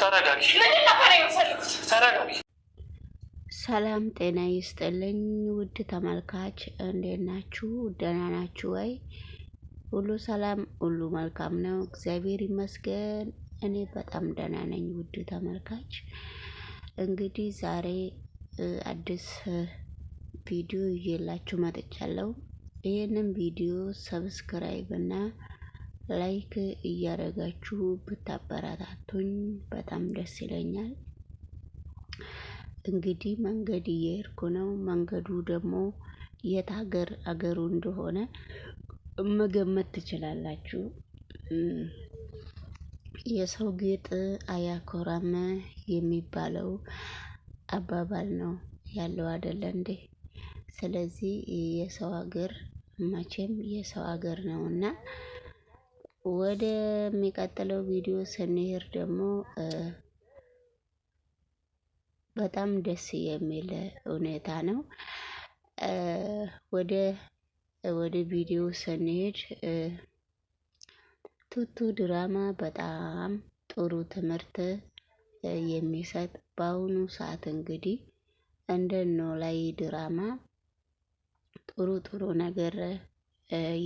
ተረጋጊ። ሰላም ጤና ይስጥልኝ ውድ ተመልካች፣ እንዴት ናችሁ? ደህና ናችሁ ወይ? ሁሉ ሰላም፣ ሁሉ መልካም ነው። እግዚአብሔር ይመስገን፣ እኔ በጣም ደህና ነኝ። ውድ ተመልካች፣ እንግዲህ ዛሬ አዲስ ቪዲዮ ይዤላችሁ መጥቻለሁ። ይህንን ቪዲዮ ሰብስክራይብ እና ላይክ እያደረጋችሁ ብታበረታቱኝ በጣም ደስ ይለኛል። እንግዲህ መንገድ እየሄድኩ ነው። መንገዱ ደግሞ የት ሀገር አገሩ እንደሆነ መገመት ትችላላችሁ። የሰው ጌጥ አያኮራም የሚባለው አባባል ነው ያለው አይደለ እንዴ? ስለዚህ የሰው ሀገር መቼም የሰው ሀገር እና ወደሚቀጥለው ቪዲዮ ስንሄድ ደግሞ በጣም ደስ የሚል ሁኔታ ነው። ወደ ወደ ቪዲዮ ስንሄድ ቱቱ ድራማ በጣም ጥሩ ትምህርት የሚሰጥ በአሁኑ ሰዓት እንግዲህ እንደኖላዊ ድራማ ጥሩ ጥሩ ነገር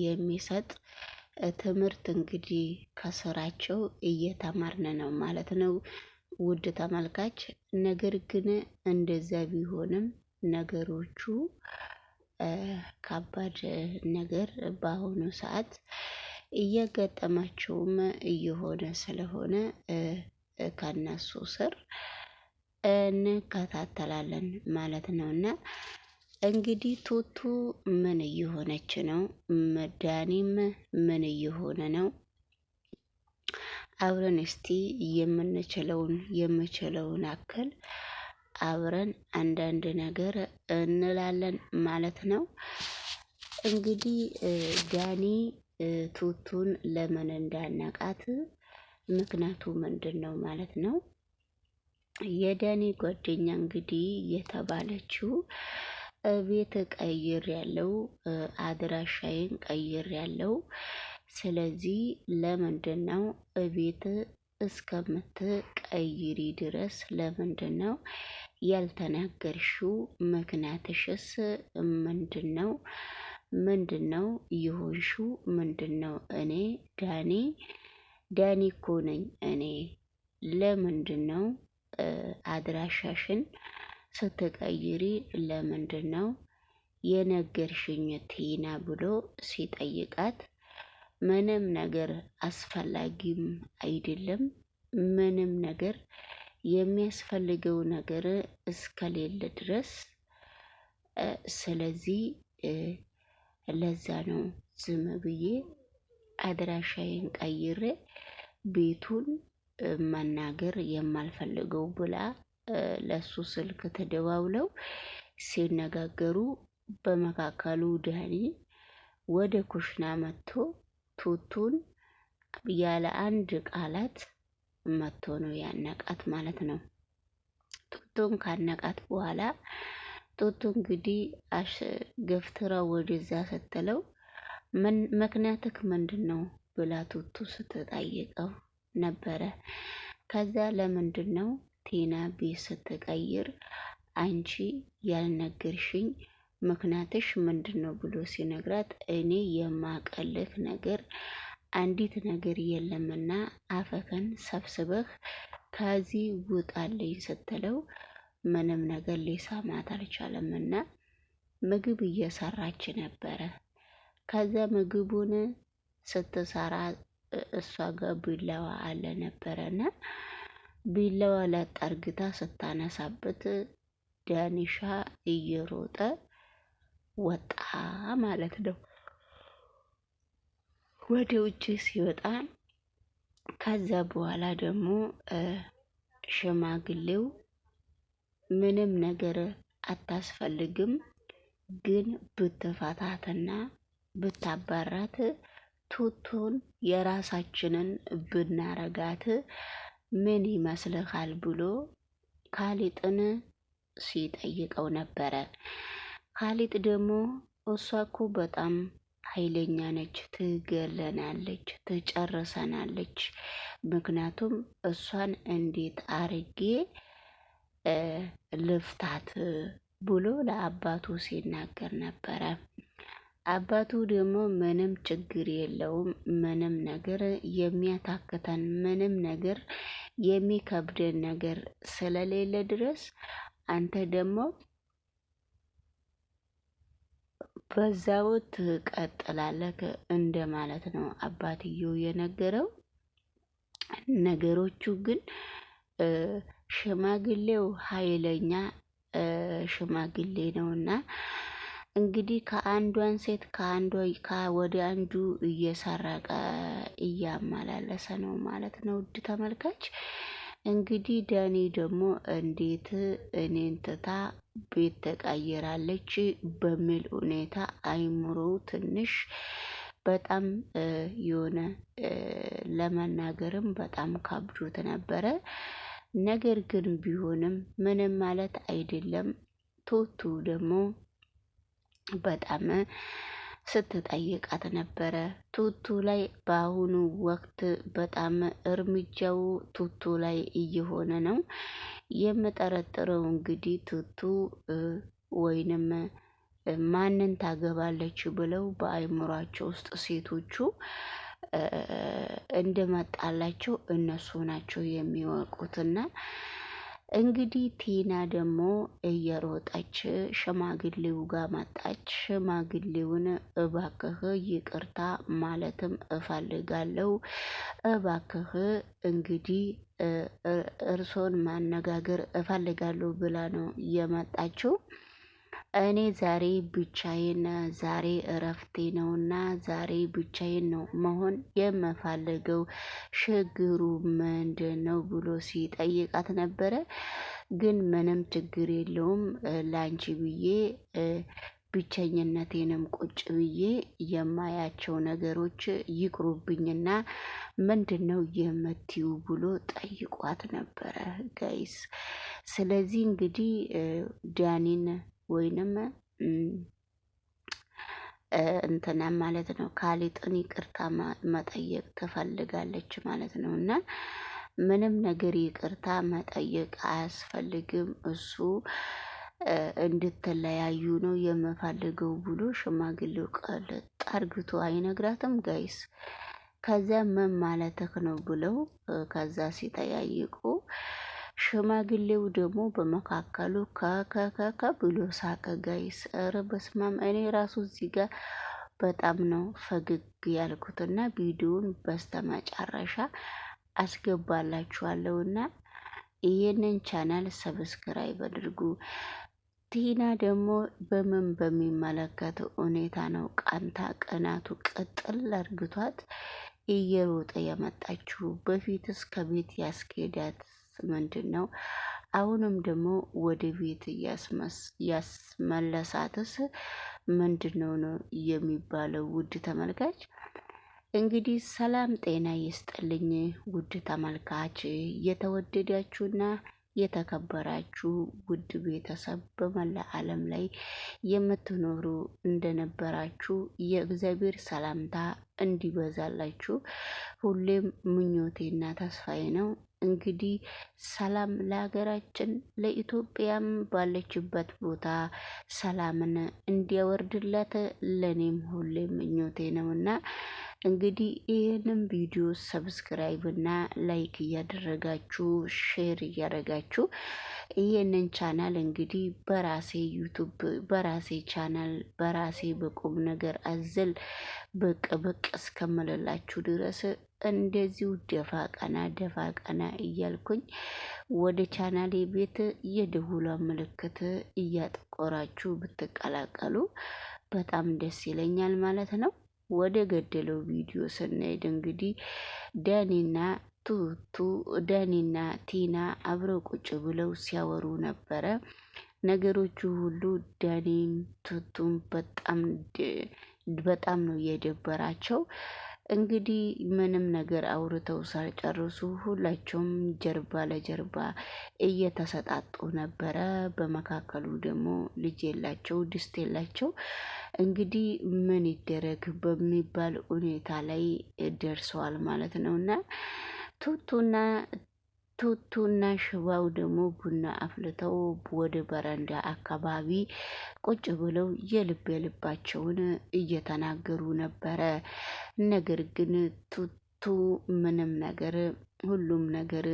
የሚሰጥ ትምህርት እንግዲህ ከስራቸው እየተማርን ነው ማለት ነው ውድ ተመልካች። ነገር ግን እንደዚያ ቢሆንም ነገሮቹ ከባድ ነገር በአሁኑ ሰዓት እየገጠማቸውም እየሆነ ስለሆነ ከነሱ ስር እንከታተላለን ማለት ነው እና እንግዲህ ቱቱ ምን እየሆነች ነው? መዳኒም ምን እየሆነ ነው? አብረን እስቲ የምንችለውን የምችለውን አክል አብረን አንዳንድ ነገር እንላለን ማለት ነው። እንግዲህ ዳኒ ቱቱን ለምን እንዳናቃት ምክንያቱ ምንድን ነው ማለት ነው። የዳኒ ጓደኛ እንግዲህ የተባለችው ቤት ቀይር ያለው አድራሻዬን ቀይር ያለው። ስለዚህ ለምንድነው እቤት እስከምትቀይሪ ድረስ ለምንድነው ያልተናገርሽው? ምክንያትሽስ ምንድነው? ምንድነው የሆንሽው? ምንድነው? እኔ ዳኒ ዳኒ እኮ ነኝ እኔ። ለምንድነው አድራሻሽን ስትቀይሪ ለምንድን ነው የነገርሽኝ ቲና ብሎ ሲጠይቃት ምንም ነገር አስፈላጊም አይደለም ምንም ነገር የሚያስፈልገው ነገር እስከሌለ ድረስ ስለዚህ ለዛ ነው ዝም ብዬ አድራሻዬን ቀይሬ ቤቱን መናገር የማልፈልገው ብላ ለሱ ስልክ ተደዋውለው ሲነጋገሩ በመካከሉ ዳኒ ወደ ኩሽና መጥቶ ቱቱን ያለ አንድ ቃላት መጥቶ ነው ያነቃት ማለት ነው። ቱቱን ካነቃት በኋላ ቱቱ እንግዲህ ገፍትራ ወደዛ ስትለው ምክንያትክ ምንድን ነው ብላ ቱቱ ስትጠይቀው ነበረ። ከዛ ለምንድን ነው ቴና ቤት ስትቀይር አንቺ ያልነገርሽኝ ምክንያትሽ ምንድን ነው ብሎ ሲነግራት እኔ የማቀልህ ነገር አንዲት ነገር የለምና አፈከን ሰብስበህ ከዚህ ውጣልኝ ስትለው ምንም ነገር ሊሰማት አልቻለምና ምግብ እየሰራች ነበረ። ከዛ ምግቡን ስትሰራ እሷ ጋር ቢላዋ አለ ነበረና ቢላዋ ላጥ አርግታ ስታነሳበት ዳኒሻ እየሮጠ ወጣ ማለት ነው። ወደ ውጭ ሲወጣ ከዛ በኋላ ደግሞ ሽማግሌው ምንም ነገር አታስፈልግም፣ ግን ብትፈታትና ብታባራት ቱቱን የራሳችንን ብናረጋት ምን ይመስልሃል ብሎ ካሊጥን ሲጠይቀው ነበረ። ካሊጥ ደግሞ እሷ እኮ በጣም ኃይለኛ ነች፣ ትገለናለች፣ ትጨርሰናለች። ምክንያቱም እሷን እንዴት አርጌ ልፍታት ብሎ ለአባቱ ሲናገር ነበረ። አባቱ ደግሞ ምንም ችግር የለውም፣ ምንም ነገር የሚያታክተን ምንም ነገር የሚከብደን ነገር ስለሌለ ድረስ አንተ ደግሞ በዛው ትቀጥላለህ እንደማለት ነው አባትየው የነገረው። ነገሮቹ ግን ሽማግሌው ኃይለኛ ሽማግሌ ነውና እንግዲህ ከአንዷን ሴት ከአንዷ ወደ አንዱ እየሰረቀ እያመላለሰ ነው ማለት ነው። ውድ ተመልካች እንግዲህ ዳኒ ደግሞ እንዴት እኔን ትታ ቤት ተቀይራለች በሚል ሁኔታ አይምሮ ትንሽ በጣም የሆነ ለመናገርም በጣም ካብዶት ነበረ። ነገር ግን ቢሆንም ምንም ማለት አይደለም። ቶቱ ደግሞ በጣም ስትጠይቃት ነበረ። ቱቱ ላይ በአሁኑ ወቅት በጣም እርምጃው ቱቱ ላይ እየሆነ ነው የምጠረጥረው። እንግዲህ ቱቱ ወይንም ማንን ታገባለች ብለው በአይምሯቸው ውስጥ ሴቶቹ እንደመጣላቸው እነሱ ናቸው የሚወቁትና እንግዲህ ቲና ደግሞ እየሮጠች ሽማግሌው ጋር መጣች። ሽማግሌውን እባክህ ይቅርታ ማለትም እፈልጋለሁ። እባክህ እንግዲህ እርሶን ማነጋገር እፈልጋለሁ ብላ ነው የመጣችው። እኔ ዛሬ ብቻዬን ዛሬ እረፍቴ ነውና ዛሬ ብቻዬን ነው መሆን የምፈልገው ችግሩ ነው ብሎ ሲጠይቃት ነበረ። ግን ምንም ችግር የለውም ላንቺ ብዬ ብቸኝነቴንም ቁጭ ብዬ የማያቸው ነገሮች ይቅሩብኝና ምንድነው የምትዩ ብሎ ጠይቋት ነበረ ጋይስ። ስለዚህ እንግዲህ ዳኒን ወይንም እንትና ማለት ነው ካሊጥን ይቅርታ መጠየቅ ትፈልጋለች ማለት ነው። እና ምንም ነገር ይቅርታ መጠየቅ አያስፈልግም እሱ እንድትለያዩ ነው የምፈልገው ብሎ ሽማግሌው ቃል ጠርግቶ አይነግራትም ጋይስ። ከዚያ ምን ማለትህ ነው ብለው ከዛ ሲጠያይቁ ሽማግሌው ደግሞ በመካከሉ ከከከከ ብሎ ሳቀ። ጋይስ ኧረ በስማም እኔ ራሱ እዚህ ጋር በጣም ነው ፈገግ ያልኩት እና ቪዲዮውን በስተመጨረሻ አስገባላችኋለሁ እና ይህንን ቻናል ሰብስክራይብ አድርጉ። ቲና ደግሞ በምን በሚመለከት ሁኔታ ነው ቃንታ ቅናቱ ቅጥል አርግቷት እየሮጠ የመጣችው? በፊትስ ከቤት ያስኬዳት ምንድን ነው? አሁንም ደግሞ ወደ ቤት ያስመለሳትስ ምንድን ነው ነው የሚባለው? ውድ ተመልካች እንግዲህ ሰላም ጤና ይስጥልኝ። ውድ ተመልካች የተወደዳችሁና የተከበራችሁ ውድ ቤተሰብ በመላ ዓለም ላይ የምትኖሩ እንደነበራችሁ የእግዚአብሔር ሰላምታ እንዲበዛላችሁ ሁሌም ምኞቴና ተስፋዬ ነው። እንግዲህ ሰላም ለሀገራችን ለኢትዮጵያም ባለችበት ቦታ ሰላምን እንዲያወርድላት ለእኔም ሁሌ ምኞቴ ነውና እንግዲህ ይህንም ቪዲዮ ሰብስክራይብ እና ላይክ እያደረጋችሁ ሼር እያደረጋችሁ ይህንን ቻናል እንግዲህ በራሴ ዩቱብ በራሴ ቻናል በራሴ በቁም ነገር አዘል ብቅ ብቅ እስከምልላችሁ ድረስ እንደዚሁ ደፋ ቀና ደፋ ቀና እያልኩኝ ወደ ቻናሌ ቤት የደውሏ ምልክት እያጠቆራችሁ ብትቀላቀሉ በጣም ደስ ይለኛል ማለት ነው። ወደ ገደለው ቪዲዮ ስናሄድ እንግዲህ ዳኒና ቱቱ ዳኒና ቲና አብረው ቁጭ ብለው ሲያወሩ ነበረ። ነገሮቹ ሁሉ ዳኒን ቱቱን በጣም በጣም ነው የደበራቸው። እንግዲህ ምንም ነገር አውርተው ሳልጨርሱ ሁላቸውም ጀርባ ለጀርባ እየተሰጣጡ ነበረ። በመካከሉ ደግሞ ልጅ የላቸው፣ ድስት የላቸው። እንግዲህ ምን ይደረግ በሚባል ሁኔታ ላይ ደርሰዋል ማለት ነው እና ቱቱና ቱቱና ሽባው ደግሞ ቡና አፍልተው ወደ በረንዳ አካባቢ ቁጭ ብለው የልብ የልባቸውን እየተናገሩ ነበረ። ነገር ግን ቱቱ ምንም ነገር ሁሉም ነገር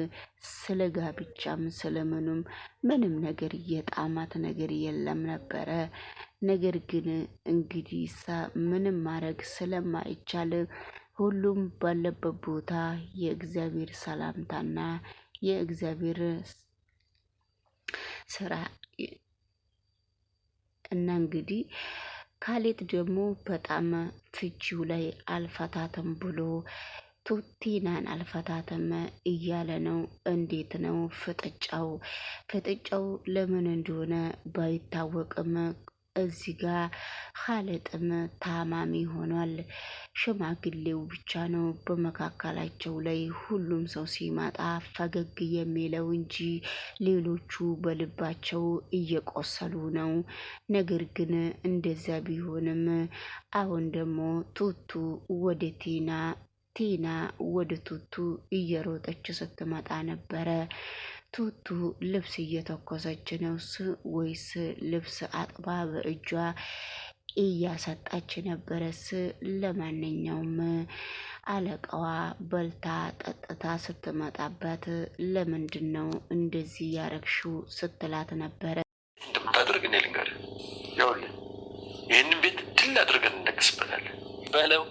ስለ ጋብቻም ስለምኑም ምንም ነገር የጣማት ነገር የለም ነበረ። ነገር ግን እንግዲህ ምንም ማድረግ ስለማይቻል ሁሉም ባለበት ቦታ የእግዚአብሔር ሰላምታና የእግዚአብሔር ስራ እና እንግዲህ ካሌት ደግሞ በጣም ፍቺው ላይ አልፈታተም ብሎ ቱቲናን አልፈታተም እያለ ነው። እንዴት ነው ፍጥጫው? ፍጥጫው ለምን እንደሆነ ባይታወቅም እዚህ ጋር ካለጥም ታማሚ ሆኗል። ሽማግሌው ብቻ ነው በመካከላቸው ላይ ሁሉም ሰው ሲመጣ ፈገግ የሚለው እንጂ ሌሎቹ በልባቸው እየቆሰሉ ነው። ነገር ግን እንደዚያ ቢሆንም አሁን ደግሞ ቱቱ ወደ ቲና ቲና ወደ ቱቱ እየሮጠች ስትመጣ ነበረ። ቱቱ ልብስ እየተኮሰች ነውስ ወይስ ልብስ አጥባ በእጇ እያሰጣች ነበረስ? ለማንኛውም አለቃዋ በልታ ጠጥታ ስትመጣበት ለምንድን ነው እንደዚህ ያረግሽው ስትላት ነበረ። ታደርግ እኔ ልንገርህ፣ ይኸውልህ ይህንን ቤት ድል አድርገን እንነግስበታለን በለው